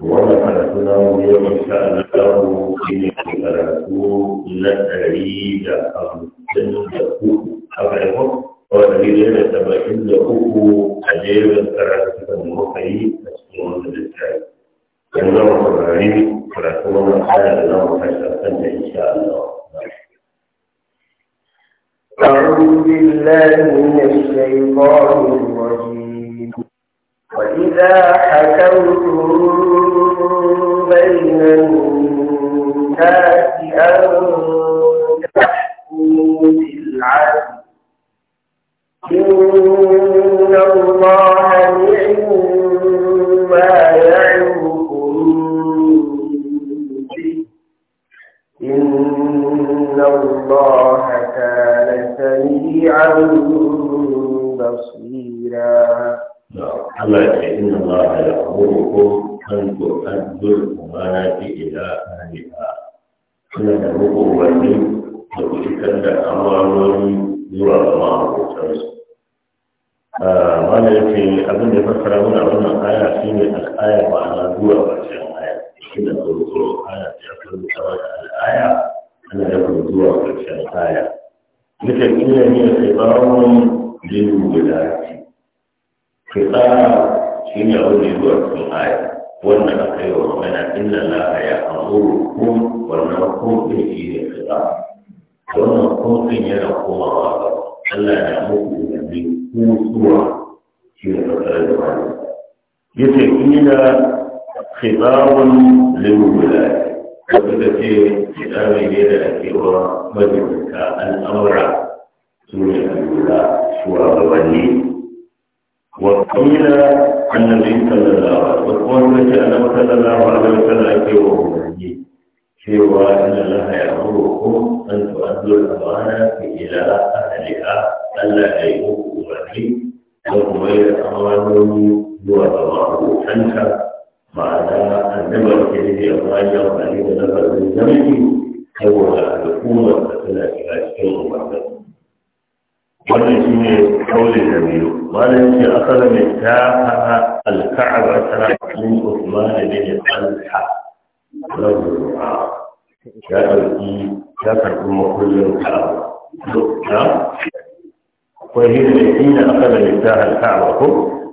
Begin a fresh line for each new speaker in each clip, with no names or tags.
wannan karatu na wuri yau insha Allah shi ne karatu na ɗari da hamsin da uku a bayan wanda ɗari da saba'in da uku a jerin karatu da muka yi a cikin wannan littafi yanzu zama saurari karatu wannan aya da zama tashi a kan da insha Allah
أعوذ بالله من الشيطان الرجيم وإذا حكمتم بين الناس أن تحكموا بالعدل إن الله نعم ما يعظكم به إن الله كان سميعا بصيرا Allah ya ce inna Allah ya amuru an to an zul
umarati ila ahliha suna da muku umarni da ku fitar da amaloli zuwa ga ma'abotansu ah, malam ce abin da fassara mana wannan aya shine al'aya ma'ana zuwa ƙarshen aya shi da tsoro aya ta karanta wata al'aya ana da zuwa ƙarshen aya nufin iya ne da tsawon jin fitsara shi ne abu ne zuwa cikin wannan aka yi wa magana inna a ya amuru kun wannan kun ɗin shi ne fitsara wannan kun ɗin yana komawa ga Allah ya muku da bi kusuwa shi ne fitsara da wani yace kila khitabun lil wilaya wanda da ce ne da ake wa majalisa al'amura su ne al'ula وقيل عن النبي صلى الله عليه وسلم وقال أنا صلى الله عليه وسلم في وهمه في وأن الله يأمركم أن تؤدوا الأمانة إلى أهلها ألا يؤمنوا به وهم يتأمرون وتضعوا عنك معنى النبر الذي أخرج عليه نفر من زمنه هو الحكومة التي لا تشتغل بعد wannan shi ne kaule da biyu malam ce akala mai ta haka alka'aba tana min usman bin talha lahu ya ɗauki, ya karɓi makullin ka'aba ta akwai shi ne akala mai ta alka'aba ko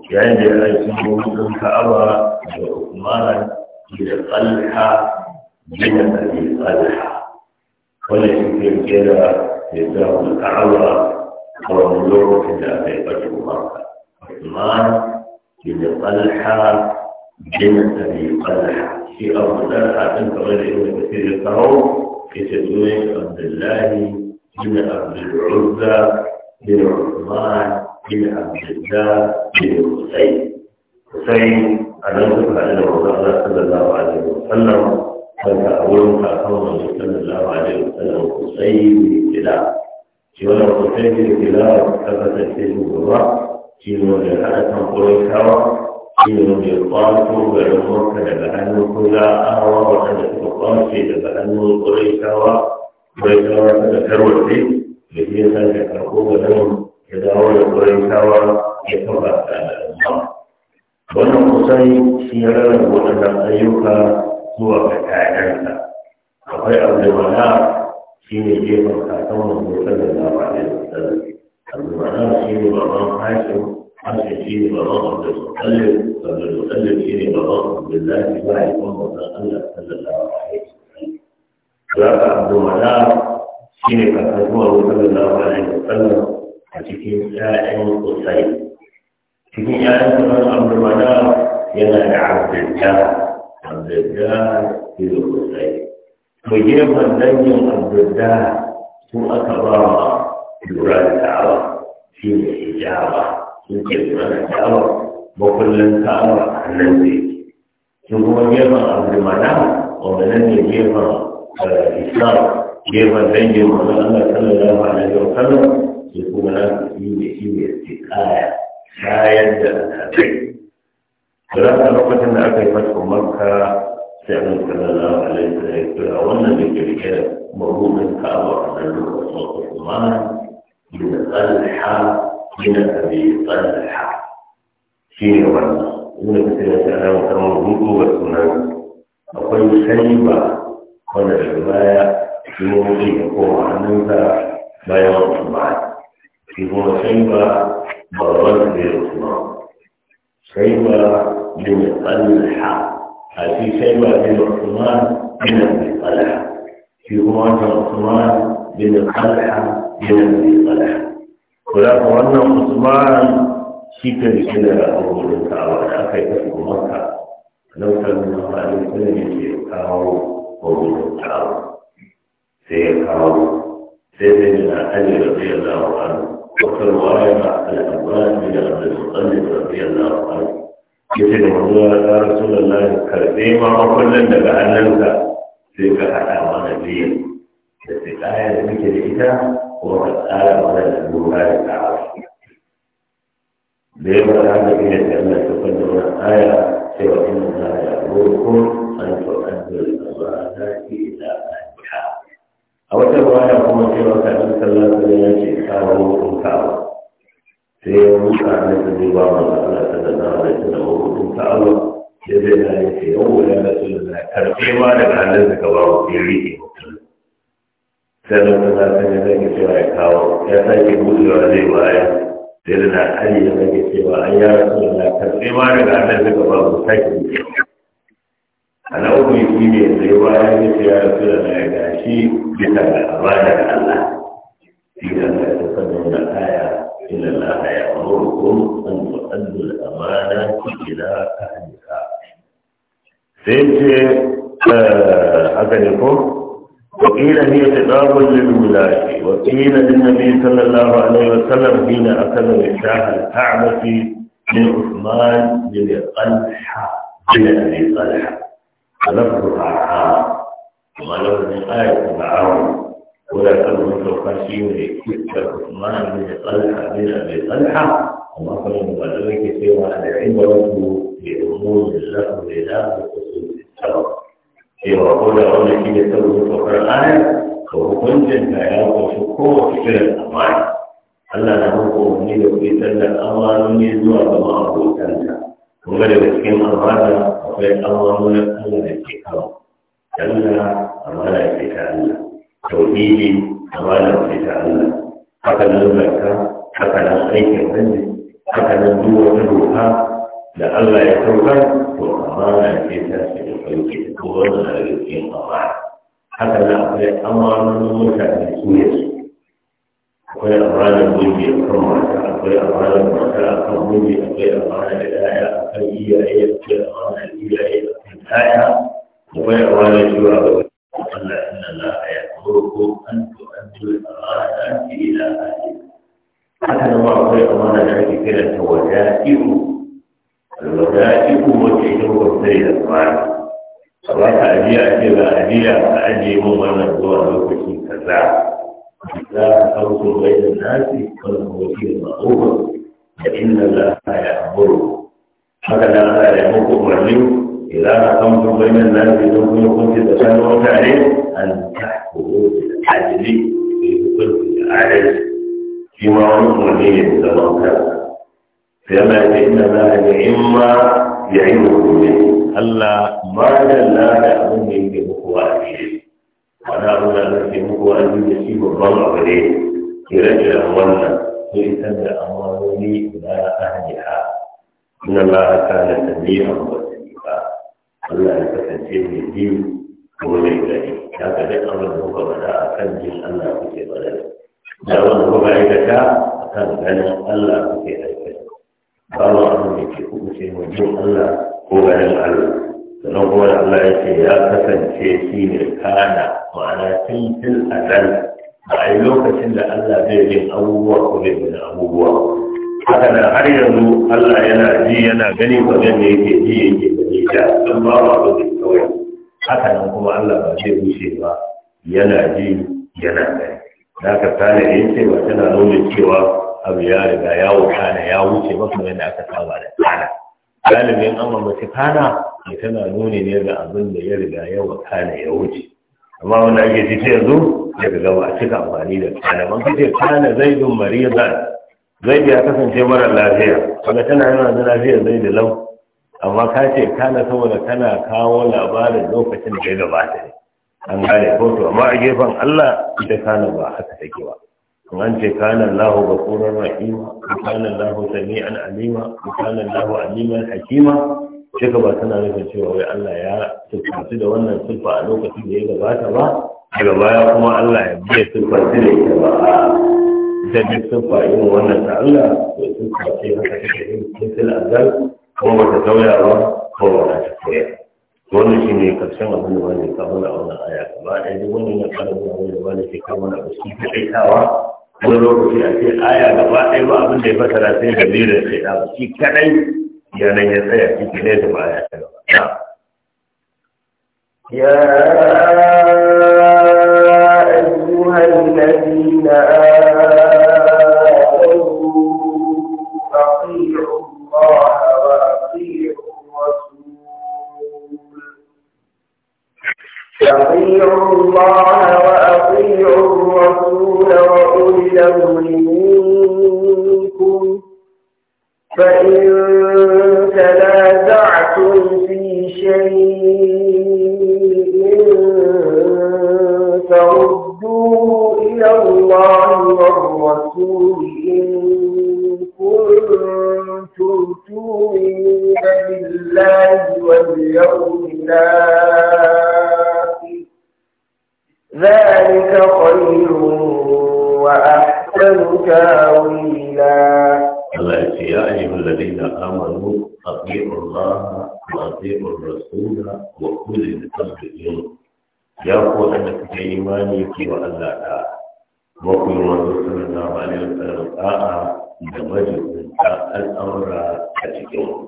yayin da ya aiki makullin ka'aba da usman bin talha bin abi talha wannan shi ke kira ya ta alka'aba فهو إلا في هيبة المرأة عثمان بن طلحة بن أبي طلحة في أبو طلحة أنت غير أن كثير يقرأون في تدوين عبد الله بن عبد العزة بن عثمان بن عبد الله بن حسين حسين أنا أذكر أن رسول الله صلى الله عليه وسلم كان أول من صلى الله عليه وسلم حسين بن shi wani kwatai da ke lawa ta kasance shugaba shi ne wanda ya haɗa kan ƙuraitawa shi ne wanda ya kwato garin daga hannun kula'awa waɗanda suka kwace daga hannun ƙuraitawa ƙuraitawa suka tarwace da shi ya sake karɓo garin ya dawo da ƙuraitawa ya kafa ta al'umma wannan kusan shi ya rarraba waɗannan ayyuka zuwa ga 'ya'yansa akwai abdulmana shi ne gefen kakan manzo sallallahu alaihi wasallam al-ma'ana shi ne baban hashim hashim shi ne baban abdul mutallib abdul mutallib shi ne baban abdullahi ma'aikon manzo allah sallallahu alaihi wasallam ka abdul mana shi ne kakan manzo sallallahu alaihi wasallam a cikin ƴaƴan kusai cikin ƴaƴan kusai abdul mana yana da abdul jah abdul jah shi ne kusai gefen dangin abdulla su aka ba wa lura da ta'awa shi ne hijaba sun ke lura da ta'awa kullum ta'awa a hannun zai sun kuma gefen abdulmana wanda nan ne gefen eh, islam gefen dangin wanda allah ba na yau kallon, su kuma na su yi ne shi ne kaya kayan da alhazai.
Sura ta lokacin da aka yi fasfon
marka سيكون صلى الله عليه وسلم أولا بكريكا مرور الكعبة على الرسول عثمان من طلحة من أبي طلحة شيء وانا إن كثير سألنا وتمرضوك وسنان أقول سيبا وانا شبايا في موجه يقوم عنك بيان عثمان في هو سيبا برد برسول سيبا من طلحة àti sẹ́yìn àti ọ̀túnmá nínú ìpàdà kí wọ́n jọ ọ̀túnmá nínú kálẹ̀ nínú ìpàdà. Kọ̀dá kan wọ́n náà ọ̀túnmá sí pẹ̀lú ìṣẹ̀lẹ̀ àwọn olùkọ́ àwọn akẹ́kọ̀ọ́ ọ̀túnmá. Lọ́wọ́ sẹ́yìn náà wọ́n yace da manzo ya rasulullahi karfe ma kullum daga hannunka sai ka haɗa mana biyan, da sai ayar da muke da ita ko ka tsara mana da lura da ta'awa da yawa da haka ne da Allah ta kwanta wannan aya cewa inna Allah ya ruku an tu'addu al-amana ila ahliha a wata ruwaya kuma cewa kan sallallahu alaihi wasallam ya ce kawo kun kawo sai ya wuta na zai ba mu da Allah ta da zama da ta Allah ya zai na yi yau wani da su da karfe ma daga hannun da ka ba mu sai rike mutum sai da mutum zai cewa ya kawo ya sake buɗewa zai baya sai da na ali zai cewa an ya rasu da karfe ma daga hannun da ka ba mu sake ana uku shi ne sai baya ya ce ya rasu da na ya gashi bisa ga amana da Allah shi da na ya tafi da aya إن الله يأمركم أن تؤدوا الأمانة إلى أهلها سيدي أغنيكم آه، وقيل هي خطاب للولاة وقيل للنبي صلى الله عليه وسلم حين أخذ مفتاح الكعبة من عثمان بن طلحة بن أبي طلحة ولفظ رعاه ولفظ آية معاون ولكن المتوقعين كتب عثمان بن طلحة بن أبي طلحة وما كان مبلغك سوى أن العبرة بأمور الله لا بخصوص السبب سوى قول أولا كي يتبع متوقع الآية فهكنت الحياة وشكوة فكرة الأمان ألا نمرك أمني وفي سلة الأمان من يزوى كما أبو سلة وغير مسكين أمانا وفي الأمان من أمنا الكتاب كلا أمانا الكتاب tauhidi amana ce ta Allah haka nan zakka haka nan aikin hajji haka nan duk wata doka da Allah ya sauka, to amana ce ta ce da sauke da kowa na daga cikin amana haka nan akwai amanonin mutane su ne su akwai amanar mulki a kan mata akwai amanar mata a kan mulki akwai amanar ɗaya a kan iyaye akwai amanar iyaye a kan ɗaya akwai amanar cewa ga وقال إن الله يأمركم أن تؤدوا الأمانات إلى أهلها حتى الله في أمانة كثيرة ودائم الودائم وجهه والسيد الصالح ba ka ajiya ce ba ajiya ka ajiye mun wannan zuwa lokacin kaza za ka kauce bai da nasi wani mawaki da ma'ubar da inda za ka yi amuru haka da za ka yi muku umarni إذا أقمتم بين الناس منكم كنت تسألون عليه أن تحكموا بالعدل في كل العدل فيما أمر به فيما فما إنما نعم يعينكم به ألا ما لا هو بمقواتهم ولا أن أمني بمقواتهم يسيب الضمع عليه يرجع أولا فإذا أمرني إلى أهلها إن الله كان سميعا بصيرا Allah ya kasance mai biyu ko mai gari ya ga duk abin da kuka faɗa a kan jin Allah kuke faɗa da abin da kuka aikata a kan ganin Allah kuke aikata ba wa abin da ke kuka ce mai jin Allah ko ganin Allah sannan kuma da Allah ya ce ya kasance shi ne kana ma'ana tun tun a nan a yi lokacin da Allah zai yin abubuwa ko zai yin abubuwa haka nan har yanzu Allah yana ji yana gani ba zai yake ji yake da sun ba wa abin kawai haka nan kuma Allah ba zai wuce ba yana ji yana gani da aka tana yin cewa tana nuna cewa abu ya riga ya wuce ya wuce ba kuma yadda aka saba da tana galibin an mace kana da tana nuni ne ga abin da ya riga ya wakana ya wuce amma wanda ake ci ta yanzu fi gaba a cika amfani da kana ban kace kana zaidun maridan zai ya kasance mara lafiya kaga tana yana da lafiya da lau amma ka ce kana saboda kana kawo labarin lokacin da ya gabata ne an gane ko to amma a gefen Allah ita kana ba haka take ba an ce kana Allahu ghafurur rahim kana Allahu sami'an alima kana Allahu aliman hakima shaka ba tana nufin cewa wai Allah ya tsufanci da wannan tsufa a lokacin da ya gabata ba daga baya kuma Allah ya biya tsufanci da ita ba da duk tsufa irin wannan ta Allah to tsufa ce haka take yin kinsil azal ko ba ta sauya ba ko ba za ta sauya wannan shi ne karshen abin da wani ka mana wannan aya gaba ɗaya duk wani ya fara zuwa wani da wani ke kama na ba shi kaɗaitawa wani lokaci a ce aya gaba ɗaya ba abin da ya fasara sai da lera ya kaɗa ba shi kaɗai yanan ya tsaya shi ke ne da ba ya ta gaba
يا أيها الذين آمنوا أطيعوا الله أطيعوا الله وأطيعوا الرسول وأولي الأمر منكم فإن تنازعتم في شيء فردوه إلى الله والرسول إن كنتم تؤمنون بالله واليوم الآخر تاويلا الله يا أيها الذين آمنوا
أطيعوا الله وأطيعوا الرسول وأولي الأمر منكم يا قوة أنك إيمانك وألا تعالى وكل من صلى الله عليه وسلم آآ لوجه الأمر أتيكم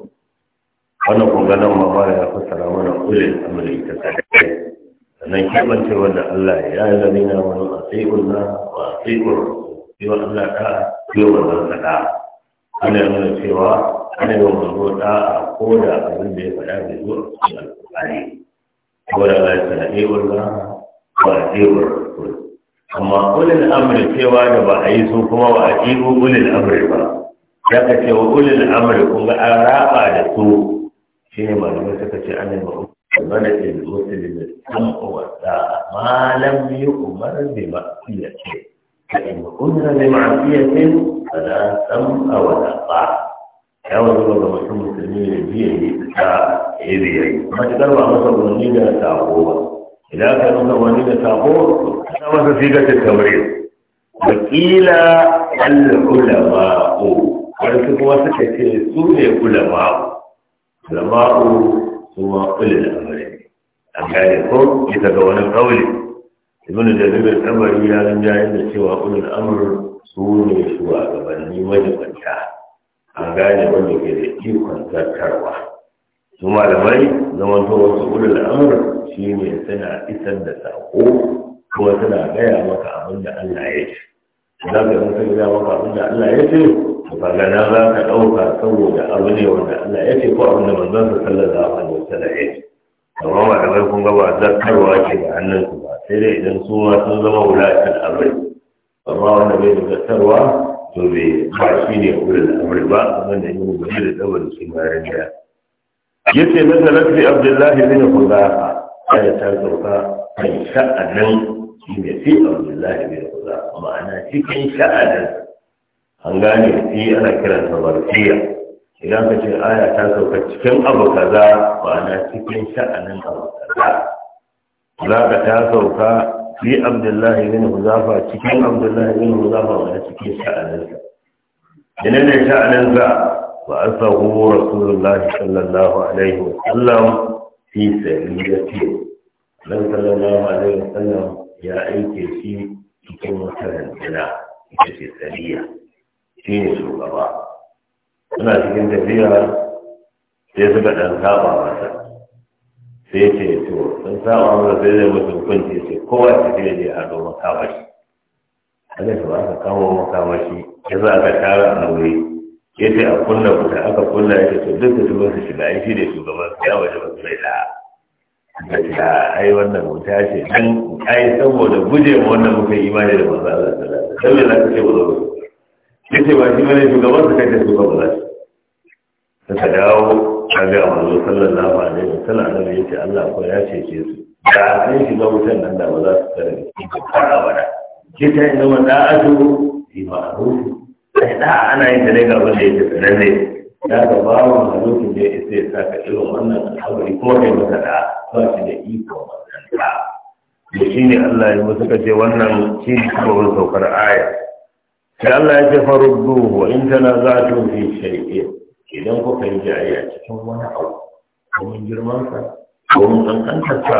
wannan kunganan ma ba ya
fassara mana ulil amri ta tare sannan kimanta wanda Allah ya zalina wani asi'un na wa asi'un yi wa Allah da'a yi wa manzansa da'a ana nuna cewa ana yi wa manzo da'a ko da abin da ya faɗa bai zo a cikin alƙur'ani ko da Allah ya sana ɗewar eh, ba ba ɗewar rasul amma ulil amri cewa da ba a yi su kuma ba a ɗigo ulil amri ba ya ka ce wa ulil amri kun ga an raba da su shi ne malamai suka ce ana yi ma'u mana ilmusulmin sam'a wa da'a ma lam yi umar bi ma'asiyar ce فإن كنا بمعصية فلا سمع ولا طاعة ya wasu daga mutum musulmi da biya ne ta iriya yi matuƙar ba masa wani da sako ba idan ka masa wani da sako ta masa fi gata kamar da ƙila al-ulama'u wani kuma suka ce su ne ulama'u ulama'u su ma ulil amri an gane ko bisa ga wani kauli ibn jarir tabari ya rinjaye da cewa ulul amr su ne shugabanni majibanta an gane wanda ke da ikon zartarwa su malamai zamanto wasu ulul amr shi ne suna isar da sako kuma suna gaya maka abin da Allah ya ce za ka yi sun gaya maka abin da Allah ya ce to kaga na za ka ɗauka saboda abu ne wanda Allah ya ce ko abin da manzon sa sallallahu alaihi wasallam ya ce
amma malamai kun gaba zartarwa ke da hannunsu sai dai idan su ma sun zama
wulatin amri amma wanda bai da gasarwa to bai ba shi ne ulul amri ba wanda yi mu da dabar shi ma rinda yace nazalat Abdullahi abdullah bin khuzafa sai ta sauka kan sha'anin shi ne fi abdullah bin khuzafa ma'ana cikin sha'anin an gane shi ana kiransa barkiya idan ka ce aya ta sauka cikin abu kaza ma'ana cikin sha'anin abu kaza za ka ta sauka fi abdullahi bin huzafa cikin abdullahi bin huzafa wa cikin sha'aninsa ina ne sha'aninsa wa asahu rasulullahi sallallahu alaihi wa sallam fi sabilati dan sallallahu alaihi wa sallam ya aike shi cikin wata rantana ita ce sariya shi ne shugaba suna cikin tafiya sai suka ɗan saba masa sai ce to sun samu masa sai zai mutu hukunci ce kowa ta ce je a zo makamashi haka ta aka kawo makamashi ya za aka tara a wuri ya ce a kunna kuta aka kunna ya ce to duk da shugaban su shiga ya shi da shugaban su ya waje masu mai da da ta ai wannan wuta ce dan ai saboda guje ma wannan muka yi imani da manzo Allah sallallahu alaihi wasallam za ka ce ba zo ya ce ba shi bane shugaban su kai da shugaban za su suka dawo kaga manzo sallallahu alaihi wa sallam annabi yace Allah ko ya ce su da sai shi ga wutan nan da ba za su tsare ni ko fara wada kita ina ma da'atu bi ma'ruf sai da ana yin da ga wanda yake sanan ne da ga bawo halukin da yake sai saka irin wannan alƙawari ko kai masa da ba shi da iko wannan da shi ne Allah ya musu kace wannan shi ne kuma saukar aya sai Allah ya ce farudduhu in tanaza'tum fi shay'in idan kuka yi jayayya cikin wani abu domin girmansa domin kankantarsa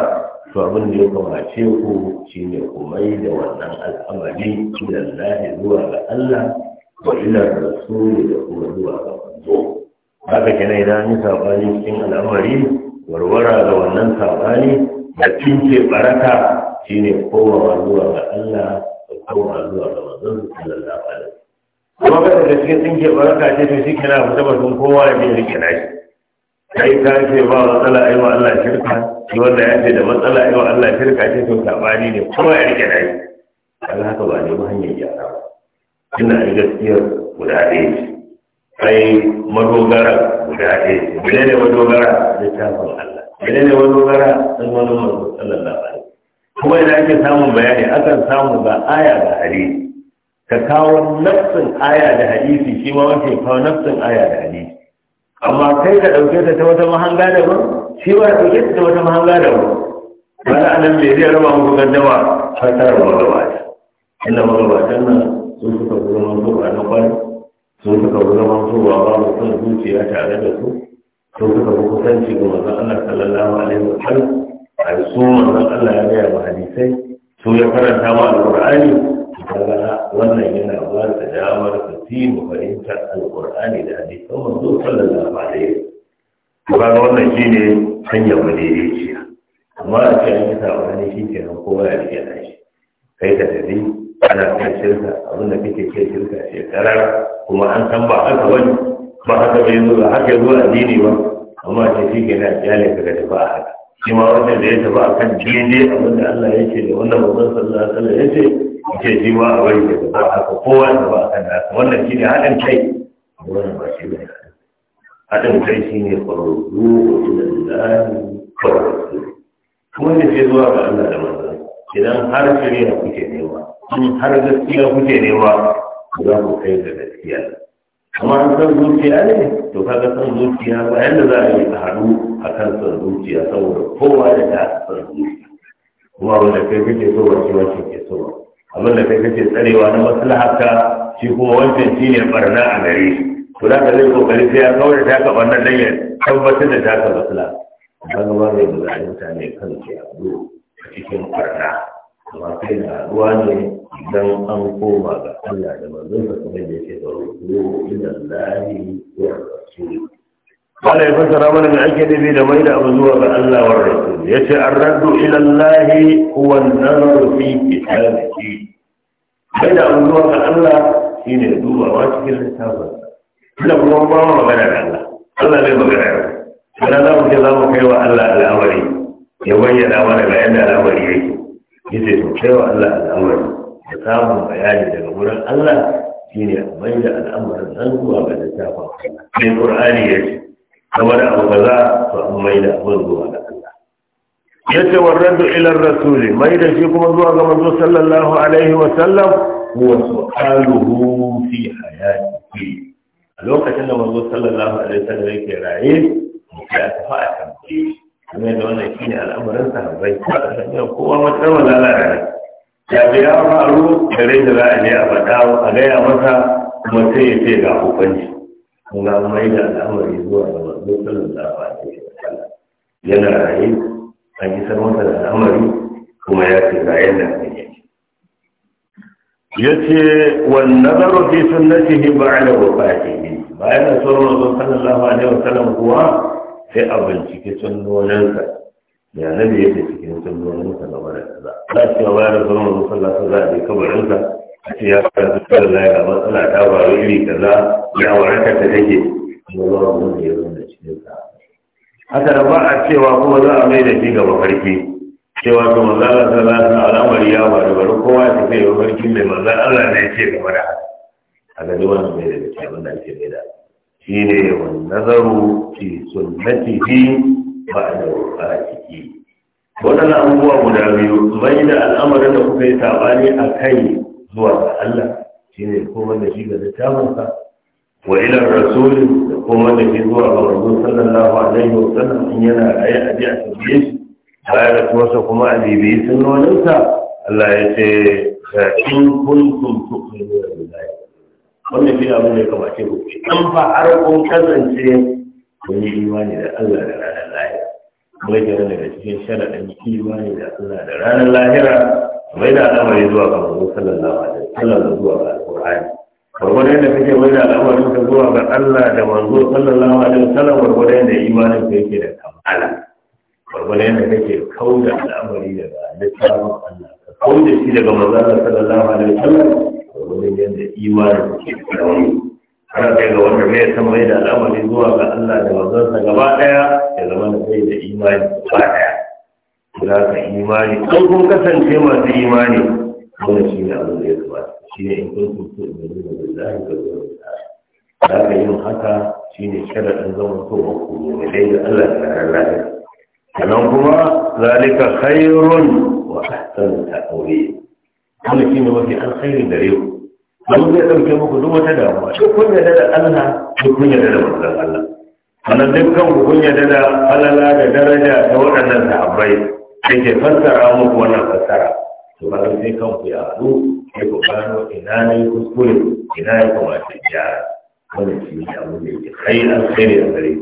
to abin da ya kamace ku shine ku mai da wannan al'amari ilallahi zuwa ga Allah wa ila rasuli da kuma zuwa ga manzo haka kenan idan yi sabani cikin al'amari warwara ga wannan sabani da cince baraka shine kowa zuwa ga Allah da kowa zuwa ga manzo sallallahu alaihi amma ba da gaske sun ke baraka ce to shi kenan ba saboda sun kowa ya je rike na shi kai ka ce ba matsala ai wa Allah shirka shi wanda ya ce da matsala ai wa Allah shirka ce to sabani ne kowa ya rike na shi Allah haka ba ne ba hanyar gyara ba ina da gaskiya guda ɗaya ce ai madogara guda ɗaya ce bile ne madogara littafin Allah bile ne madogara sunan manzo sallallahu alaihi kuma idan ake samun bayani akan samu ga aya ga hadisi ka kawo nafsin aya da hadisi shi ma wace kawo nafsin aya da hadisi amma kai ka ɗauke ta ta wata mahanga da ba shi ba ɗauke ta ta wata mahanga da ba wani anan mai zai raba muku gaddawa ta tara magabata inda magabatan nan sun suka fi zaman zuwa na kwari sun suka fi zaman zuwa ba su son zuciya tare da su sun suka fi kusanci ga manzon Allah sallallahu alaihi wa sallam a su manzon Allah ya gaya wa hadisai su ya karanta ma al-qur'ani. kaga wannan yana ba da damar ka fi mu fahimtar alƙur'ani da hadisan manzo sallallahu alaihi wasallam kaga wannan shi shine hanyar madaidaiciya amma a ce an yi sabani shi ke nan kowa ya rike na shi kai ka tafi ana kan shirka abin da kake ke shirka shekara kuma an san ba haka wani ba haka bai zo ba haka ya zo addini ba amma a ce shi ke na iyalin ka da ba haka shi ma wannan da ya tafi a kan daidai abin da Allah ya ce da wannan babban sallah sallah ya ce ce shi ma a bari da ba haka kowa da ba a kan nasa wannan shi ne haɗin kai wannan ba shi ne haɗin kai shi ne kwararru wasu da lalani kwararru kuma da ce zuwa ga Allah da manzan idan har shari'a kuke newa in har gaskiya kuke nema za ku kai ga gaskiya amma an san zuciya ne to kaga san zuciya bayan da za a yi ta haɗu a kan son zuciya saboda kowa da ta son zuciya kuma wanda kai kake so ba shi wancan ke so ba abin da kai kake tsarewa na maslaharka shi kuma wancan shi ne barna a gare shi to za ka zai kokari sai ya kawar da taka barna dan ya tabbatar da taka maslaha ba ga ba mai da ne kan ke a cikin barna amma kai na ruwa ne idan an koma ga Allah da manzon sa kamar da yake da ruwa inda lahi ya rasu Allah ya fassara mana mai ake nufi da mai abu zuwa ga Allah wa ya ce an raddu ilallahi huwa nazaru fi kitabihi mai da abu ga Allah shine dubawa cikin littafin da kuma ba magana da Allah Allah zai magana da Allah za mu ce za mu kai wa Allah al'amari ya bayyana mana ga yadda al'amari yake yace to kai Allah al'amari da bayani daga wurin Allah shine mai da Qur'ani da abu ba za su mai da abin zuwa da Allah ya ce wa raddu ilar rasuli mai da shi kuma zuwa ga manzo sallallahu alaihi wa sallam huwa su'aluhu fi fi a lokacin da manzo sallallahu alaihi wa sallam yake raye ya tafi a tambaye kuma da wannan shine al'amuran sahabbai kowa matsalar lalata ya fi ya faru gare da za a je a faɗa a gaya masa kuma sai ya ce ga hukunci kuma mai da al'amari zuwa gaba manzo sallallahu alaihi wasallam yana raye an yi sarwata da al'amari kuma ya ce ga yadda abin yake ya ce wani nazarar fi sunnatihi ba'da wafatihi bayan da sauran manzo sallallahu alaihi wasallam kuwa sai a bincike sunnoninsa ya nabi yake cikin sunnoninsa na wadda kaza za su yawa da sauran manzo za a je kabarinsa a ce ya fara zuwa da matsala ta faru iri kaza ya waraka ta take kuma ba haka da ba a cewa kuma za a mai da shi ga mafarki cewa to manzo Allah sallallahu alaihi al'amari ya da bari kowa ya tafi yau mafarki mai manzo Allah ne ce game da a ga wannan mai da shi abin da ake mai da shi ne wan nazaru fi sunnatihi ba'da wafatihi waɗannan abubuwa guda biyu mai da al'amarin da kuka yi sabani a kai zuwa ga Allah shi ne kuma da shi ga littafinsa wa ilar rasulin kuma da ke zuwa ga manzo sallallahu alaihi wa sallam in yana raye a ji a tambaye shi bayan rasuwarsa kuma a bibiyi sunnoninsa Allah ya ce in kuntum tu'minuna billahi wannan shi abin da ya kamace ku in fa har kun kasance kun yi imani da Allah da ranar lahira kuma yake daga cikin sharaɗin imani da Allah da ranar lahira mai da al'amari zuwa ga manzo sallallahu alaihi wa sallam zuwa ga alqur'ani warware da kake mai da al'amarin ka zuwa ga Allah da manzo sallallahu alaihi wasallam warware da imanin ka yake da kamala warware da kake kauda al'amari daga littafin Allah ka kauda shi daga manzo sallallahu alaihi wasallam warware da imanin ka yake da kamala har kai ga wanda mai san mai da al'amari zuwa ga Allah da sa gaba daya ya zama da kai da imani gaba daya za ka imani kun kasance masu imani wannan shi ne abin da ya kamata shi ne in kun kuntu in yi da billahi da zuwa da aka yin haka shi ne ɗan zama to wa kuma ne dai da Allah ta rarrabe sannan kuma zalika khairun wa ta ta'awil kuma shi ne mafi alkhairin da yau don zai ɗauke muku duk wata damuwa shi kun yarda da Allah shi kun yarda da manzon Allah sannan dukkan ku kun yarda da falala da daraja ta waɗannan sahabbai sai ke fassara muku wannan fassara to ba sai kan ku ya ku sai ku gano ina ne kuskure ina ya kamata ya wannan shi ne abu da yake kai alkhairi a gare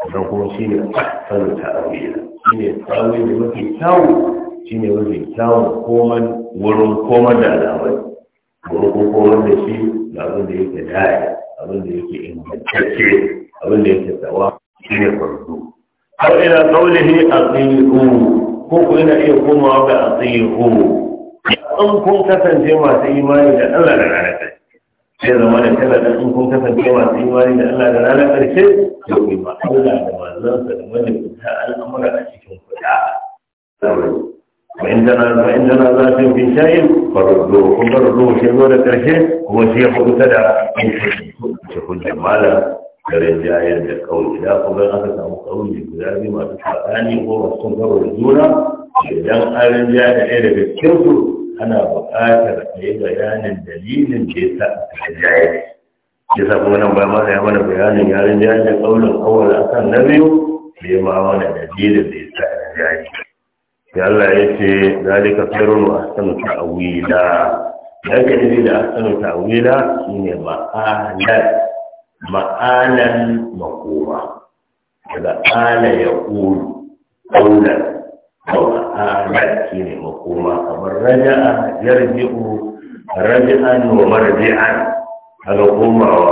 sannan kuma shi ne sanin ta'awiyya shi ne ta'awiyya da mafi kyawu shi ne mafi kyawun koman wurin koman da alamai wurin koman da shi da abin da yake daya abin da yake ingantacce abin da yake tsawa shi ne farko har ina kaulihi a tsiru ko ku ina iya komawa ga a tsiru in kun kasance masu imani da Allah da ranar ƙarshe sai zama da kana da in kun kasance masu imani da Allah da ranar ƙarshe da ku ba Allah da manzansa da wanda ku al'amura a cikin kuɗa وإن جنازة وإن جنازة في شيء فردوه فردوه شيء ولا كرشي da شيء مبتدع شكون جمالا garin jayar da kawai da kuma aka samu kawai guda biyu masu tsakani ko masu sun karo da idan an rinjaya da ɗaya daga cikinsu ana buƙatar a yi bayanin dalilin da ya sa a jaye ya sa kuma nan bayan masa ya mana bayanin yaren jaye da ƙaunar kawai a kan na biyu da ya ma mana dalilin da ya sa a jaye ya Allah ya ce zalika a wa ahsanu ta'wila dan ka dace da ahsanu ta'wila shine ma'anar ma'anan makoma daga ala yaqulu qawlan ma'ana shi ne makoma kamar raja'a yarji'u raji'an wa marji'an kaga komawa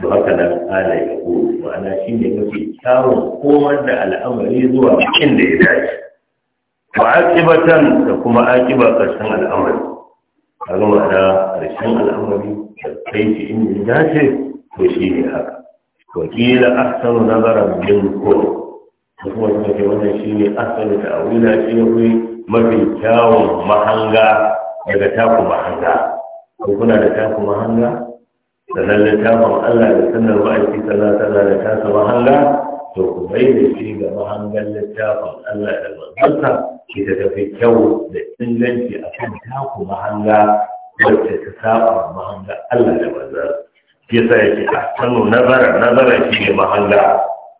to haka nan ala ya ko ma'ana mafi kyawun komar da al'amari zuwa da ya dace ba akibatan da kuma akiba karshen al'amari kaga ma'ana karshen al'amari da kai shi inda ya dace to shi ne haka wakila ahsanu nazaran minkum da kuma suka wannan shi ne asali da aurina shi ne kuma mafi kyawun mahanga daga taku mahanga ko kuna da taku mahanga sannan littafin Allah da aiki ma'aiki sallah sallah da tasa mahanga to ku bai da shi ga mahangan littafin Allah da manzansa ki ta tafi kyau da inganci a kan taku mahanga wacce ta saba mahanga Allah da manzansa yasa yake a ah, sanu nazara nazara shi ne mahanga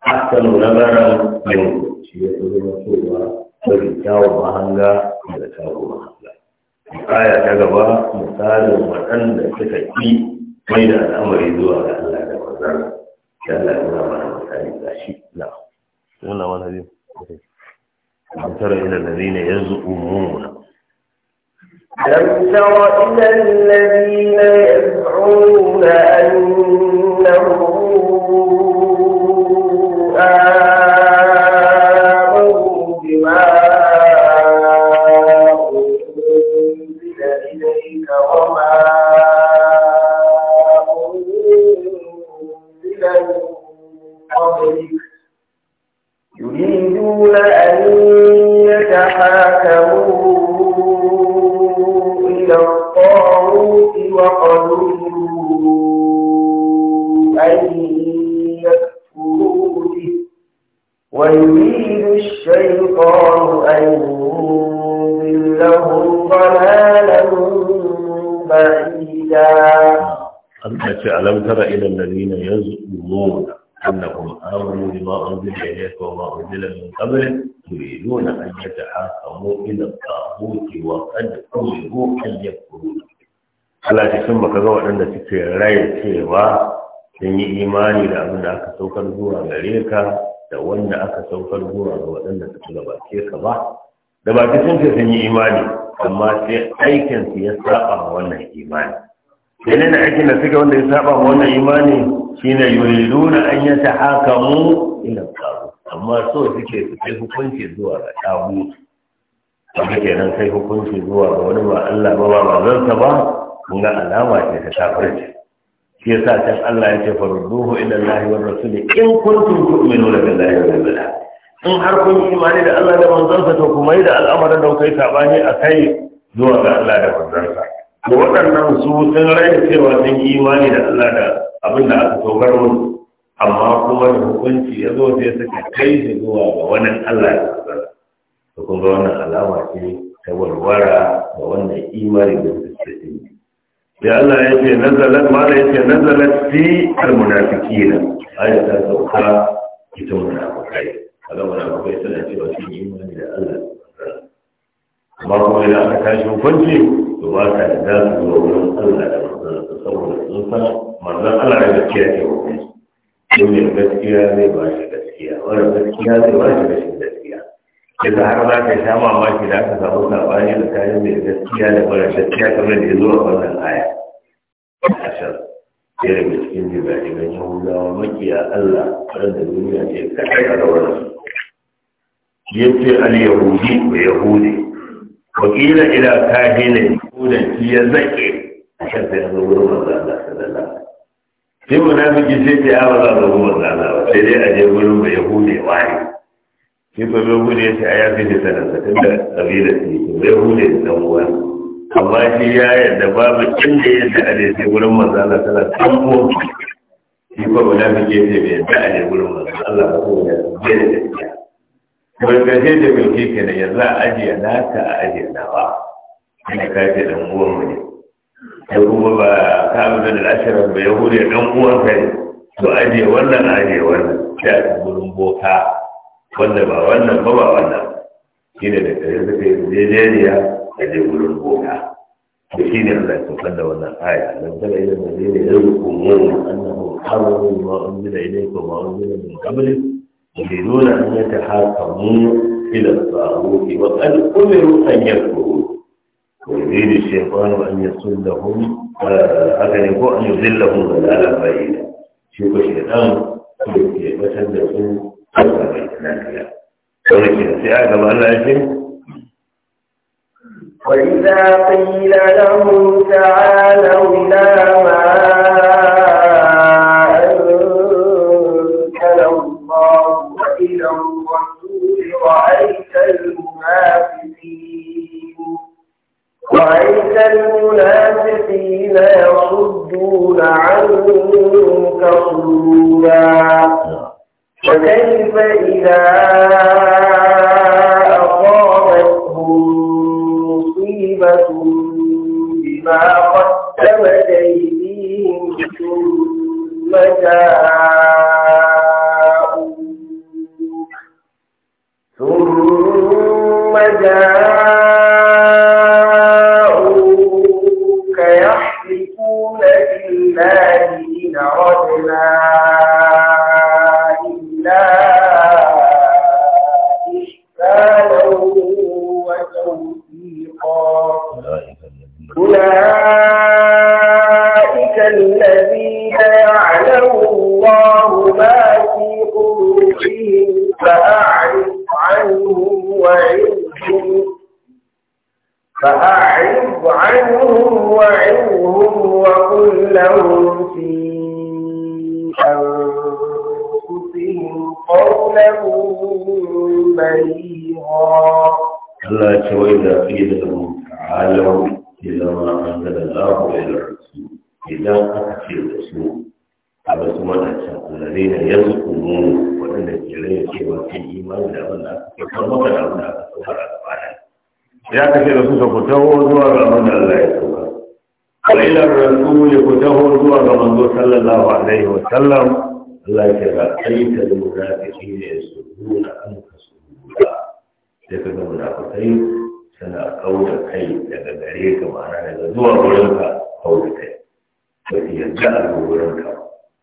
aka na bara yau shi ya fi zama cewa da kyawun mahanga da kyawun mahanga. Aya ta gaba misalin waɗanda suka ƙi mai da al'amari zuwa ga Allah da wazar da Allah ya nuna mana misali ga shi na. Nuna da zai yanzu umu
ألم تر إلى الذين يزعمون أنهم آمنوا
ce alam tara ila alladhina yazumuna annahum amanu bima unzila ilayka wa ma unzila min qablik yuriduna an yatahakamu ila at-taghut wa qad umiru an yakfuru Allah ya san baka ga waɗanda suke raye cewa sun yi imani da abin da aka saukar zuwa gare ka da wanda aka saukar zuwa ga waɗanda suke suka ke ka ba da baki sun ce sun yi imani amma sai aikinsu ya saba wannan imani dalilin aikin na suka wanda ya saba wannan imani shine yuriduna an yatahakamu ila tabu amma so suke su kai hukunci zuwa ga tabu haka kenan kai hukunci zuwa ga wani ba Allah ba ba manzansa ba kun ga alama ce ta kafirci shi yasa can Allah ya ce farudduhu ila Allah wa rasul in kuntum tu'minuna billahi wal yawmil akhir in har kun yi imani da Allah da manzansa to kuma yi da al'amarin da kai sabani akai zuwa ga Allah da manzansa da waɗannan su sun rai cewa sun yi imani da Allah da abin da aka saukar mu. amma kuma da hukunci ya zo sai suka kai shi zuwa ga wani Allah ya tsara to kun ga wannan alama ce ta warwara da wannan imani da suka yi da Allah ya ce nazalat mala ya ce nazalat fi almunafiqina ayat ta sauka ita munafiqai kaga munafiqai suna cewa sun yi imani da Allah amma kuma idan aka tashi hukunci to ba ka da za su zuwa wurin Allah da manzansa saboda sun san manzan Allah da gaskiya ke hukunci shi ne gaskiya zai ba shi gaskiya wanda gaskiya zai ba shi rashin gaskiya yadda har za ka sha mamaki da aka samu sabani da kayan mai gaskiya da mara gaskiya kamar da ya zuwa wannan aya ashar ɗaya daga cikin jibajiban yahudawa makiya Allah da duniya ce kaɗai a rawar su yace al-yahudi wa yahudi wakila ila kahinin ko da shi ya zake kan sai an zuwa manzo Allah sallallahu alaihi sai munafiki sai ce a wala zuwa manzo Allah ba sai dai a je gurin ba yahudi shi ko yahudi ya ce a yafi shi sanar da tunda kabila ce yahudi da dan uwan amma shi ya yarda babu inda ya da ale sai gurin manzo Allah sallallahu shi ko munafiki ya ce bai yarda ale gurin manzo Allah ba ko ya yarda Kawai gargaje da bilki kenan yanzu a ajiye naka a ajiye nawa ana kace dan uwan mu ne ta kuma ba ka abu da ashirar ba ya hure dan uwan ka ne to ajiye wannan ajiye wannan sai a gurin boka wanda ba wannan ba ba wannan shine da kare suka yi jejeriya a je gurin boka to shi ne Allah ke tofar da wannan aya nan tana yin da ne ya rubu mu annahu amanu wa unzila ilaykum wa unzila min qablikum يريدون أن يتحاكموا إلى الطاغوت وقد أمروا أن يكفروا ويريد الشيطان أن يصدهم أكنكو أن يذلهم ضلالا بعيدا شوف الشيطان يمكن يتصدقوا أو بيتنا ولكن في هذا ما لا يجب
وإذا قيل لهم تعالوا إلى ما رأيت المنافقين يصدون عنك صدودا فكيف إذا
mummuni waɗanda ke rage cewa sun imani da abin da aka kai kan maka da abin da aka saukar a gabanin ya ka da su ku taho zuwa ga abin da Allah ya saukar alailar rasul ku taho zuwa ga manzo sallallahu alaihi wa sallam Allah ya ce ga aita da munafiki ne su nuna an ka su nuna sai ka ga munafikai suna kauda kai daga gare ka ma'ana daga zuwa wurinka kauda kai ba su yarda a wurinka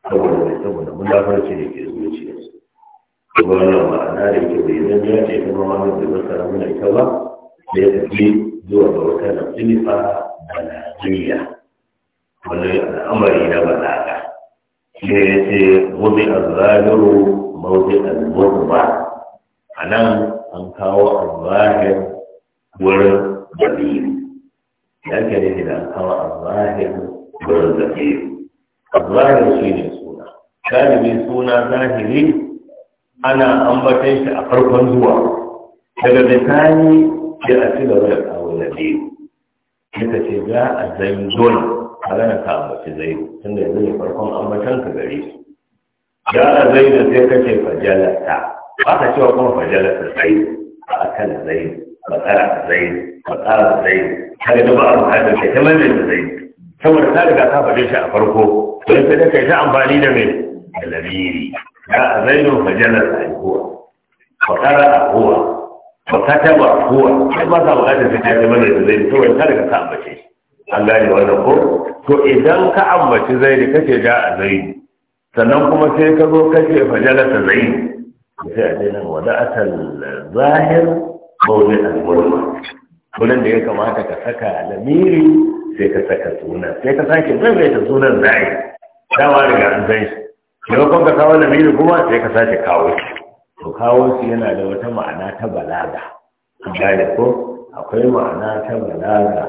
saboda mai saboda munafarci da ke zuciya kuma wannan ma'ana da ke bayyana ya ce kuma wani da masara muna ita ba da ya tafi zuwa ga wata na filifa balagiyya
wani al'amari na
balaga shi ya ce wani azzaliru mawuzi al-murba a nan an kawo azzahir wurin dalili ya ke nufi da an kawo azzahir wurin dalili azzahir shi ne galibi suna zahiri ana ambatan shi a farkon zuwa daga bisani sai a ci gaba da kawo na biyu suka ce za a zaidon a gana ka ambaci zai tunda yanzu ne farkon ambatan ka gare su za a zaida sai ka ce fajalata ba ka cewa kuma fajalata zai a kan zai matsara zai matsara zai har yanzu ba a bukatar ka ta mai zai saboda ta riga ka faɗi shi a farko don sai da kai ta amfani da mai الذين جاء زيد فجلس هو فقرأ هو فكتب هو ما صار غدا في هذا المدرسة زيد تو انتهى كعبة شيء الله يوانا قول تو إذا كعبة زيد كتب جاء زيد سنقوم سيك ابو كتب فجلس زيد فعلا ودأت الظاهر مولى المرمى kullum da ya kamata ka saka lamiri sai ka saka suna sai ka sake zai mai ta sunan zai dama riga an san shi maimakon ka kawo miri kuma sai ka sace kawo shi to kawo shi yana da wata ma'ana ta balaga gane ko akwai ma'ana ta balaga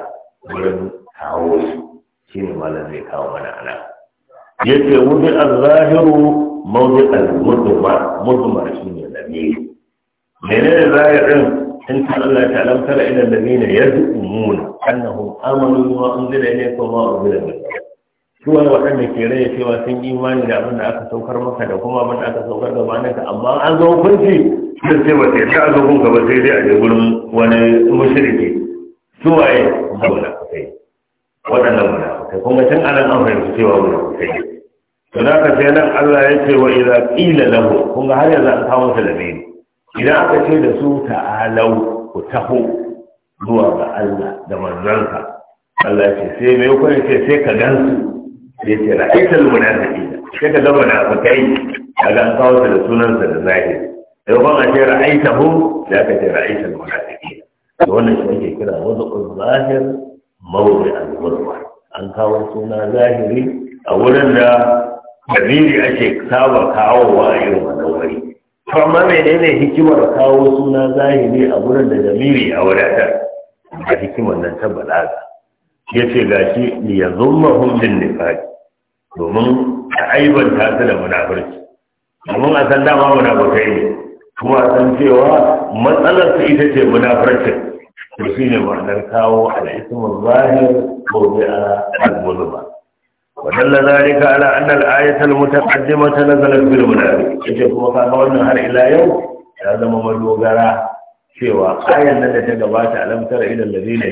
wurin kawo shi shi ne malam zai kawo mana ana yace wuri a zahiru mawdi a mudmar mudmar shi ne lamiri menene zahirin إن الله miri ترى إلى الذين يزعمون amalu آمنوا بما ne ko وما أنزل ne suwaye waɗanda ke raya cewa sun yi imani da abin da aka saukar maka da kuma abin da aka saukar da manaka amma an zo hukunci sun ce ba sai ta zo kun gaba sai dai a je gurin wani mushriki suwaye waɗanda wani kai kuma tun anan an fahimci cewa munafikai to da ka sai nan Allah ya ce wa idza qila lahu kun ga har yanzu an kawo da lamiri idan aka ce da su ta'alau ku taho zuwa ga Allah da manzansa Allah ya ce sai mai kuma ce sai ka gansu ya ce ra'aitar munafiki sai ka zama munafikai a ga kawo da sunansa da zahiri yau ban a ce ra'aitahu da ka ce ra'aitar munafiki da wannan shi ake kira wazu'ul zahir mawdi al-ghurwa an kawo suna zahiri a wurin da dalili ake saba kawowa a irin wannan wuri to amma menene hikimar kawo suna zahiri a wurin da dalili a wadatar a hikimar nan ta balaga yace gashi liyazumma hum bin nifaqi domin a aibanta su da munafurci domin a san dama munafurci, ne kuma a san cewa matsalar su ita ce munafurcin to shi ne ma'anar kawo al'ismin zahir ko bi'a ba. muzma wadalla ka ala anna al-ayat ta nazalat bil ya ce kuma ka ga wannan har ila yau ya zama madogara cewa ayan nan da ta gabata alam tara ila allazina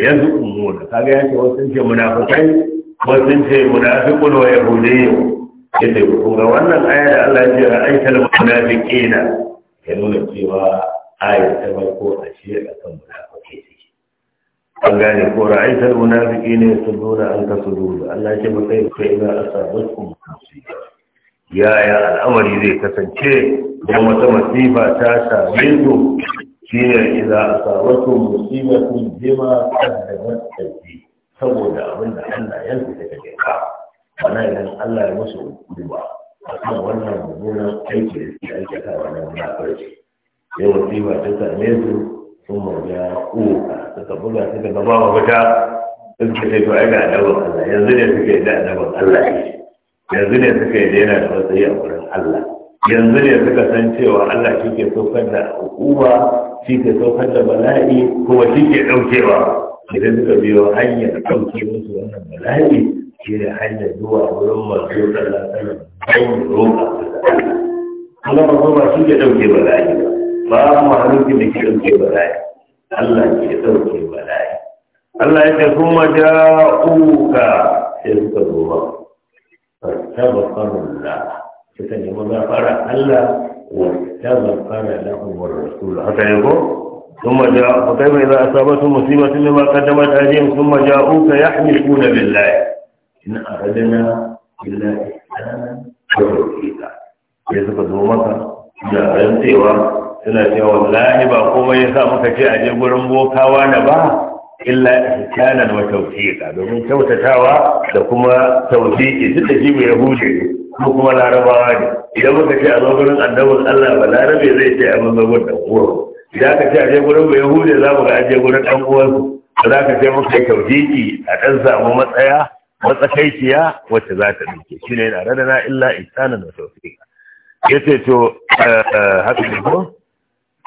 da kaga yace wasu sun ce munafikai wasu ce munafiqun wa yahudiyyu yace ku ga wannan aya da Allah ya ce ra'aytal munafiqina ya nuna cewa aya ta farko a shi a kan munafiki take an gane ko ra'aytal munafiqina yasudduna anka sududa Allah ya ce ba sai ku ina asabukum Ya ya al'amari zai kasance da wata masifa ta same su shine idza asabatum musibatun bima qaddamat aydihim saboda abin da Allah ya da kake ka bana idan Allah ya musu duba akan wannan mummunan aiki da suke aikatawa na munafurci yau ba ta same su sun mawuya ƙoƙa suka buga suka gaba wa fita suka ce to ai ga annabin Allah yanzu ne suka yi da annabin Allah yanzu ne suka yi yana da matsayi a wurin Allah yanzu ne suka san cewa Allah shi ke saukar da hukuma shi ke saukar da bala'i kuma shi ke ɗaukewa idan suka biyo hanyar ɗauke musu wannan bala'i shi ne hanyar zuwa wurin masu sallah sallah don roƙa Allah ba kuma shi ke ɗauke bala'i ba ba mu halittar da ke ɗauke bala'i Allah ke ɗauke bala'i Allah ya ce kuma ja'uka sai suka zo ba ta fara fastaghfirullah suka nemi gafara Allah wa ta taghfara lahum ar-rasul haka yako ثم جاء فكيف إذا أصابتهم مصيبة بما قدمت أيديهم ثم جاءوك يحلفون بالله إن أردنا إلا إحسانا وتوفيقا يسقط مكة da rantsewa suna cewa wallahi ba komai ya sa muka ce a je gurin bokawa na ba illa ihsanan wa tawfiqa domin kyautatawa da kuma tawfiqi duk da shi yahudi ko kuma larabawa ne idan muka ce a zo gurin Allah ba larabe zai ce a manzo gurin da idan ka ce a je gurin mai hude za mu ga aje je gurin ɗan uwansu ba za ka ce mun kai taujiki a ɗan samu matsaya matsakaiciya wacce za ta ɗauke shi ne na radana illa isanin da tausiƙa ya ce to eh, eh, haka ne ko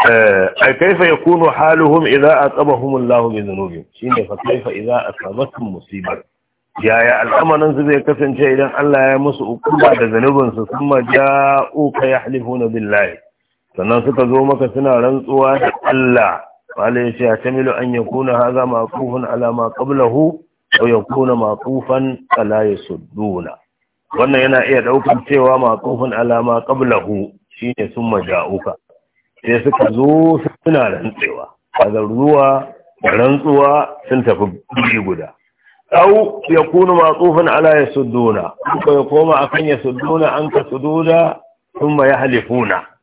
eh, a kaifa ya kuno haluhum idan a tsaba humun lahu bi zunubi shi ne fa kaifa idan a sabatun musibar yaya al'amarin su zai kasance idan Allah ya musu ukuba da zunubinsu sun ma ka ya na billahi sannan suka zo maka suna rantsuwa da Allah wala ya ce a tamilu an ya kuna haza maƙufin alama ƙablahu ko ya kuna maƙufan ala ya wannan yana iya ɗaukar cewa maƙufin alama ƙablahu shi ne sun maja'uka sai suka zo suna rantsewa a ruwa da rantsuwa sun tafi biyu guda أو يكون معطوفا على يسدون ويقوم أكن يسدون أنك سدودا ثم halifuna.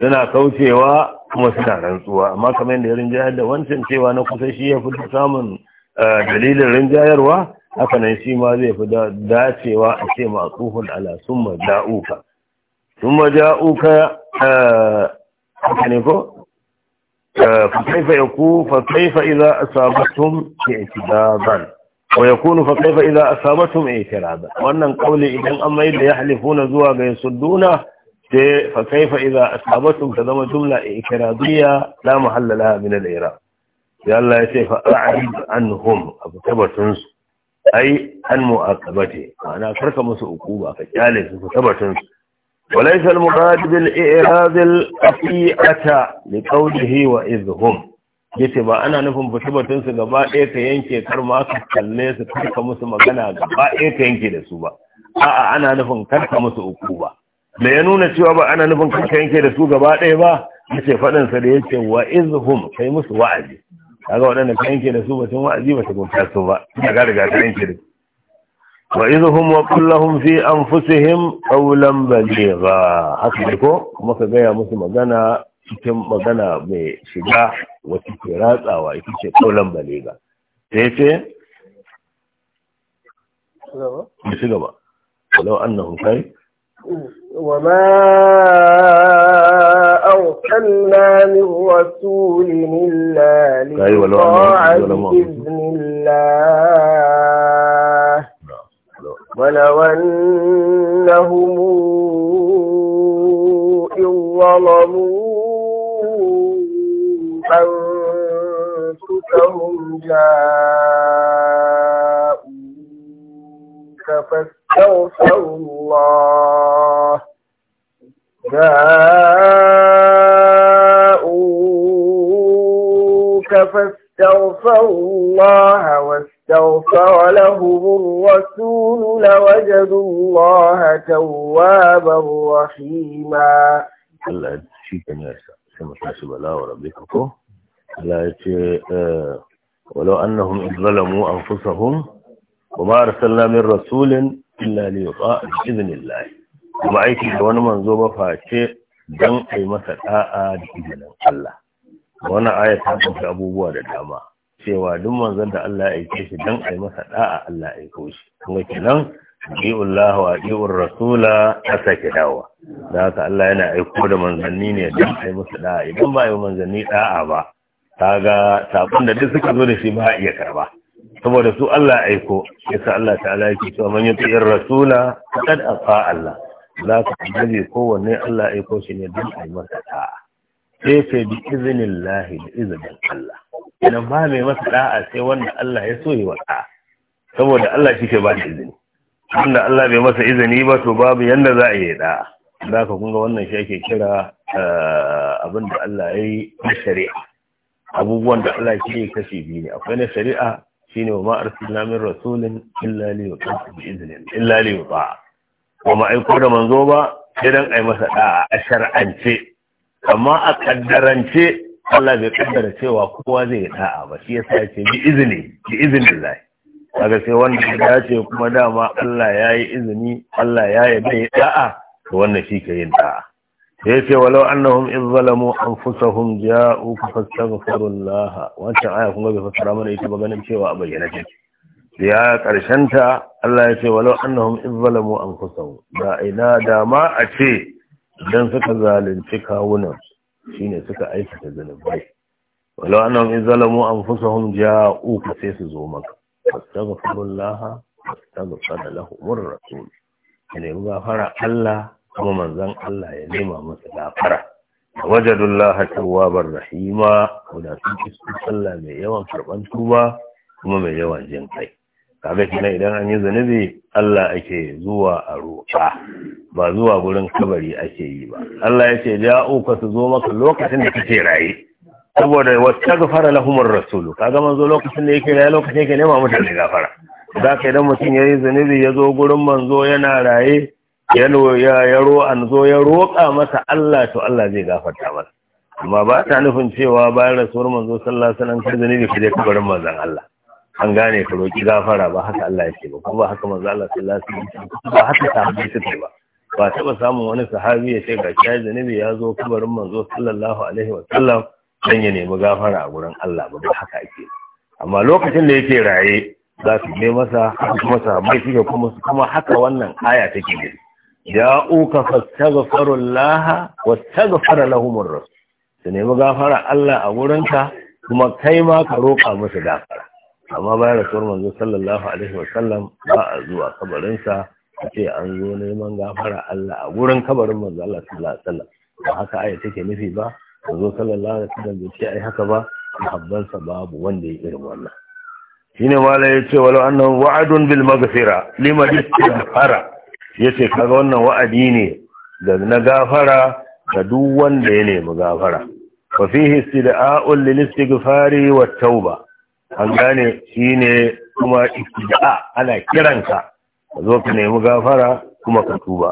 suna kaucewa kuma suna rantsuwa amma kamar yadda rinjayar da wancan cewa na kusa shi ya fi samun eh, dalilin rinjayarwa haka nan shi ma zai fi dacewa a ce matsufin ala summa da'uka summa da'uka eh, haka ne ko فكيف يكون فكيف إذا أصابتهم اعتراضا ويكون فكيف Wannan أصابتهم idan an قولي da ya halifuna zuwa زواج يسدونه sai fa kaifa idza asabatu ta zama jumla ikiradiyya la mahalla laha min al-i'rab sai Allah ya ce fa a'rid anhum abu tabatun su ai an mu'aqabati ana karka musu ukuba ka kyale su tabatun su وليس المراد بالإعراض القطيعة لقوله وإذهم yace ba ana nufin fitibatun su gaba ɗaya ka yanke kar ma kalle su karka musu magana gaba ɗaya ta yanke da su ba a'a ana nufin karka musu uku ba da ya nuna cewa ba ana nufin kanka yanke da su gaba ɗaya ba ya ce faɗinsa da ya ce wa izhum kai musu wa'azi kaga waɗanda ka yanke da su ba sun wa'azi ba su gunta su ba ina ga riga ta yanke da su wa izhum wa qul lahum fi anfusihim qawlan baligha haka ne ko kuma ka gaya musu magana cikin magana mai shiga wacce ke ratsawa ita ce qawlan baligha sai ce ci gaba lau annahum kai
وما أرسلنا من رسول إلا أيوة، لطاعة بإذن الله نعم، نعم. ولو أنهم إن ظلموا أنفسهم جاءوك فاستغفروا استغفر الله جاءوك فاستغفر الله واستغفر لهم الرسول لوجدوا الله توابا رحيما
آه، ولو انهم ظلموا انفسهم وما ارسلنا من رسول illa li yuqa bi idhnillah kuma aiki da wani manzo ba face dan ai masa ɗa'a da izinin Allah wannan aya ta kunshi abubuwa da dama cewa duk manzon da Allah ya aike shi dan ai masa ɗa'a, Allah ya aiko shi kuma kenan bi'ullah wa bi'ur rasula ta sake dawa da haka Allah yana aiko da manzanni ne dan ai masa da'a idan ba ai manzanni ɗa'a ba kaga sabon da duk suka zo da shi ba a iya karba saboda su Allah ya aiko yasa Allah ta'ala yake cewa man yuti rasula faqad afa Allah za ka ko kowanne Allah aiko shi ne don a yi masa ta'a sai ce bi izinin lahi da izinin Allah Ina ba mai masa a sai wanda Allah ya so yi wa da'a saboda Allah shi ke ba da izini wanda Allah bai masa izini ba to babu yanda za a yi da'a za ka kunga wannan shi ake kira eh, abin da Allah ya yi na shari'a abubuwan da Allah ke kashi biyu ne akwai na shari'a shine wa ma arsalna rasulun rasulin ba wa ma'aiko aiko da manzo ba idan a yi masa ɗa'a a shar'ance amma a ƙaddarance Allah zai kaddara cewa kowa zai ɗa'a ba shi sa ce bi izini bi iznillah kaga sai wanda ya ce kuma dama Allah ya yi izini Allah ya yi ɗa'a to wannan shi ke yin ɗa'a Sai ya ce walau annahum in zalamu anfusahum ja'uka fastaghfirullah wancan aya kun ga bai fassara mana ita ba ganin cewa a bayyana ce. ya karshen ta Allah ya ce walau annahum in zalamu anfusahum da ina da ma a ce dan suka zalunci kawunan shine suka aikata zanubai walau annahum in zalamu anfusahum ja'uka sai su zo maka fastaghfirullah fastaghfir lahu rasul ne fara Allah kuma manzon Allah ya nema masa gafara wajadullah tawwabar rahima guda sun ci sallah mai yawan karban tuba kuma mai yawan jin kai kaga kina idan an yi zanubi Allah ake zuwa a roƙa ba zuwa gurin kabari ake yi ba Allah ya ce ja'uka su zo maka lokacin da kake raye saboda wata gafara lahumar rasulu kaga manzo lokacin da yake raye lokacin yake nema mutane gafara da ka idan mutum ya yi zunubi ya zo gurin manzo yana raye ya yaro an zo ya roƙa masa Allah to Allah zai gafarta masa amma ba ta nufin cewa bayan rasuwar manzo sallallahu alaihi wasallam kar zanibi kaje kabarin manzon Allah an gane ka roƙi gafara ba haka Allah ya ce ba kuma ba haka manzo Allah sallallahu alaihi wasallam ba haka ta sahabbai suke ba ba taɓa samun wani sahabi ya ce ga shi zanibi ya zo kabarin manzo sallallahu alaihi wasallam dan ya nemi gafara a gurin Allah ba ba haka yake amma lokacin da yake raye za su ne masa kuma sahabbai suke kuma kuma haka wannan aya take gani ja'uka fastaghfirullah wastaghfir lahum ar-rasul su nemi gafara Allah a gurinka kuma kai ma ka roƙa musu gafara amma bayan rasuwar manzo sallallahu alaihi wa sallam ba a zuwa kabarinsa sa ce an zo neman gafara Allah a gurin kabarin manzo Allah sallallahu alaihi wa sallam ba haka aya take nufi ba manzo sallallahu alaihi wa sallam bai ce ai haka ba sa babu wanda ya irin wannan shine mala yace walau annahu wa'adun bil maghfira liman istaghfara Ya ce kaga wannan wa'adi ne da na gafara ga duk wanda ya nemi gafara wa fihi istida'a'un lil istighfari wat tauba an gane shine kuma istida'a ana kiranka ka zo ka nemi gafara kuma ka tuba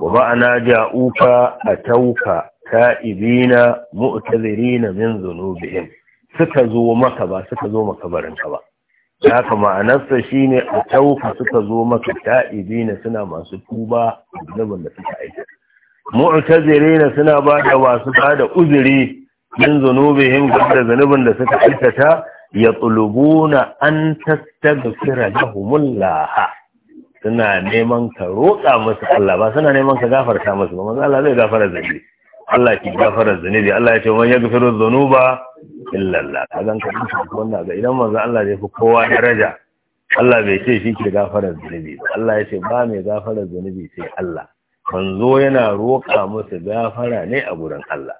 wa ma'ana ja'uka atauka ta'ibina mu'tazirina min dhunubihim suka zo maka ba suka zo maka barinka ba da haka ma'anarsa ne a taufa suka zo maka ta'ibina suna masu tuba zubin da suka aika mu'tazirina suna ba da wasu ba da uzuri min zunubihim da zunubin da suka aikata ya tsulubuna an tattaghfira laha. suna neman ka roƙa musu Allah ba suna neman ka gafarta musu ba manzo Allah zai gafara yi. Allah ke gafara zunubi Allah ya ce man yaghfiru dhunuba illa Allah kagan ka duka wannan ga idan manzo Allah zai fi kowa daraja Allah bai ce shi ke gafara zunubi Allah ya ce ba mai gafara zunubi sai Allah manzo yana roƙa musu gafara ne a gurin Allah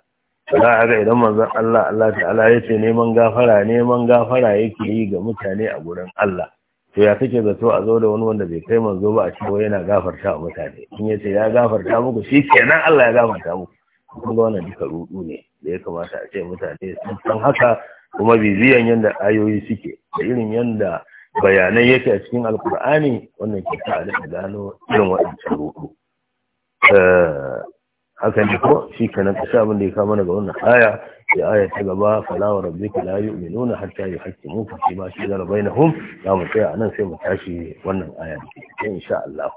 za a ga idan manzon Allah Allah ta'ala ya ce neman gafara neman gafara yake yi ga mutane a gurin Allah to ya kake zato a zo da wani wanda bai kai manzo ba a cewa yana gafarta wa mutane in ya ce ya gafarta muku shi kenan Allah ya gafarta muku kun ga duka rudu ne da ya kamata a ce mutane sun san haka kuma bibiyan yadda ayoyi suke da irin yadda bayanai yake a cikin alkur'ani wannan ke sa da gano irin waɗancan rudu eh, haka ne ko shi kenan ka abin da ya kama daga wannan aya ya aya ta gaba falawar rabbika la yu'minuna hatta yuhaqqimuka fi ma shajara bainahum za mu tsaya nan sai mu tashi wannan aya insha Allah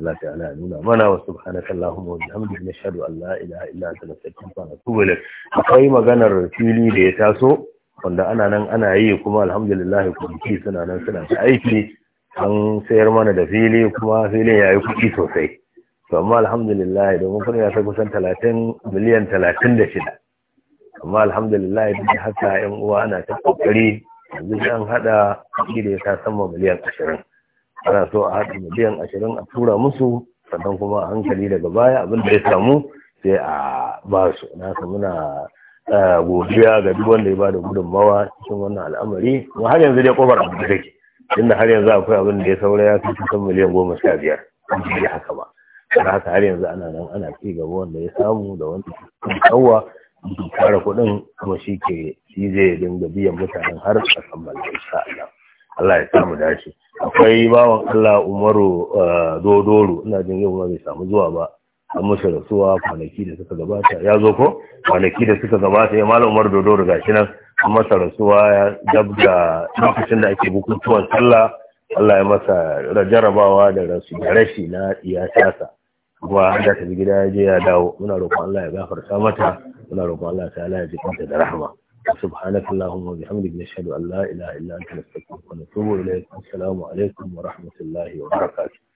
Allah ta'ala ya nuna mana wa subhanaka allahumma wa bihamdika nashhadu an la ilaha illa anta nastaghfiruka wa natubu ilayk akwai maganar fili da ya taso wanda ana nan ana yi kuma alhamdulillah kuɗi suna nan suna ta aiki an sayar mana da fili kuma filin ya yi kuɗi sosai to amma alhamdulillah domin kuma ya kusan talatin miliyan talatin da shida amma alhamdulillah duk haka yan uwa ana ta kokari yanzu an haɗa kuɗi da ya ta sama miliyan ashirin ana so a haɗa miliyan ashirin a tura musu sannan kuma a hankali daga baya abin da ya samu sai a ba su na muna eh, godiya ga duk wanda ya ba da gudunmawa cikin wannan al'amari kuma har yanzu dai kofar abu da inda har yanzu akwai abin da ya saura ya fi miliyan goma sha biyar an da haka ba da haka har yanzu ana nan ana ci gaba wanda ya samu da wanda ya kawo kara kuɗin kuma shi ke shi zai dinga biyan mutanen har a kammala insha Allah Allah ya samu dace akwai bawan Allah Umaru eh, Dodoro ina jin yau bai samu zuwa ba an masa rasuwa kwanaki da suka gabata ya zo ko kwanaki da suka gabata ya malam Umaru Dodoro gashi nan an masa rasuwa ya dab da lokacin da ake bukukuwan sallah Allah ya masa rajarabawa da rasu da rashi na iya tasa kuma an da tafi gida ya je ya dawo muna roƙon Allah ya gafarta mata muna roƙon Allah ta ya ji da rahama سبحانك اللهم وبحمدك نشهد أن لا إله إلا أنت نستغفرك ونتوب إليك السلام عليكم ورحمة الله وبركاته